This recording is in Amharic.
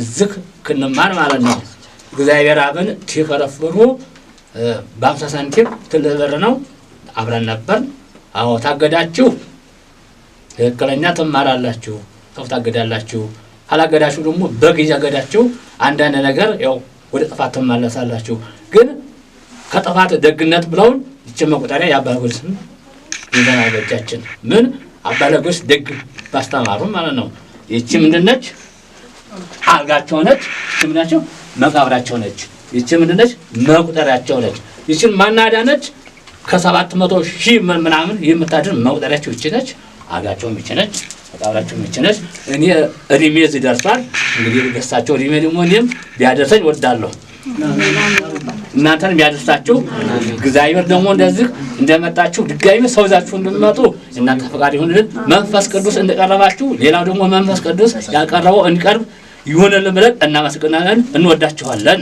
እዝክ ክንማር ማለት ነው። እግዚአብሔር አብን ቲከረፍሩ በአምሳ ሳንቲም ትልብር ነው። አብረን ነበር። አዎ ታገዳችሁ፣ ትክክለኛ ትማራላችሁ። ሰው ታገዳላችሁ። ካላገዳችሁ ደግሞ በግ እያገዳችሁ አንዳንድ ነገር ያው ወደ ጥፋት ትመለሳላችሁ። ግን ከጥፋት ደግነት ብለውን ይችን መቁጠሪያ የአባ ለጎስን ይዘናል በእጃችን። ምን አባ ደግ ባስተማሩ ማለት ነው። ይቺ ምንድነች? አልጋቸው ነች። ምናቸው መቃብራቸው ነች። ይች ምንድነች? መቁጠሪያቸው ነች። ይችን ማናዳ ነች። ከሰባት መቶ ሺህ ምናምን የምታድን መቁጠሪያቸው ይች ነች። አልጋቸውም ይች ነች። መቃብራቸውም ይች ነች። እኔ እድሜ እዚህ ደርሷል። እንግዲህ ልገሳቸው እድሜ ደግሞ እኔም ቢያደርሰኝ ወዳለሁ እናንተን የሚያደርሳችሁ እግዚአብሔር ደግሞ እንደዚህ እንደመጣችሁ ድጋሚ ሰው ይዛችሁ እንድመጡ እናንተ ፈቃድ ይሁንልን። መንፈስ ቅዱስ እንደቀረባችሁ ሌላው ደግሞ መንፈስ ቅዱስ ያቀረበው እንቀርብ ይሁንልን ብለን እናመሰግናለን። እንወዳችኋለን።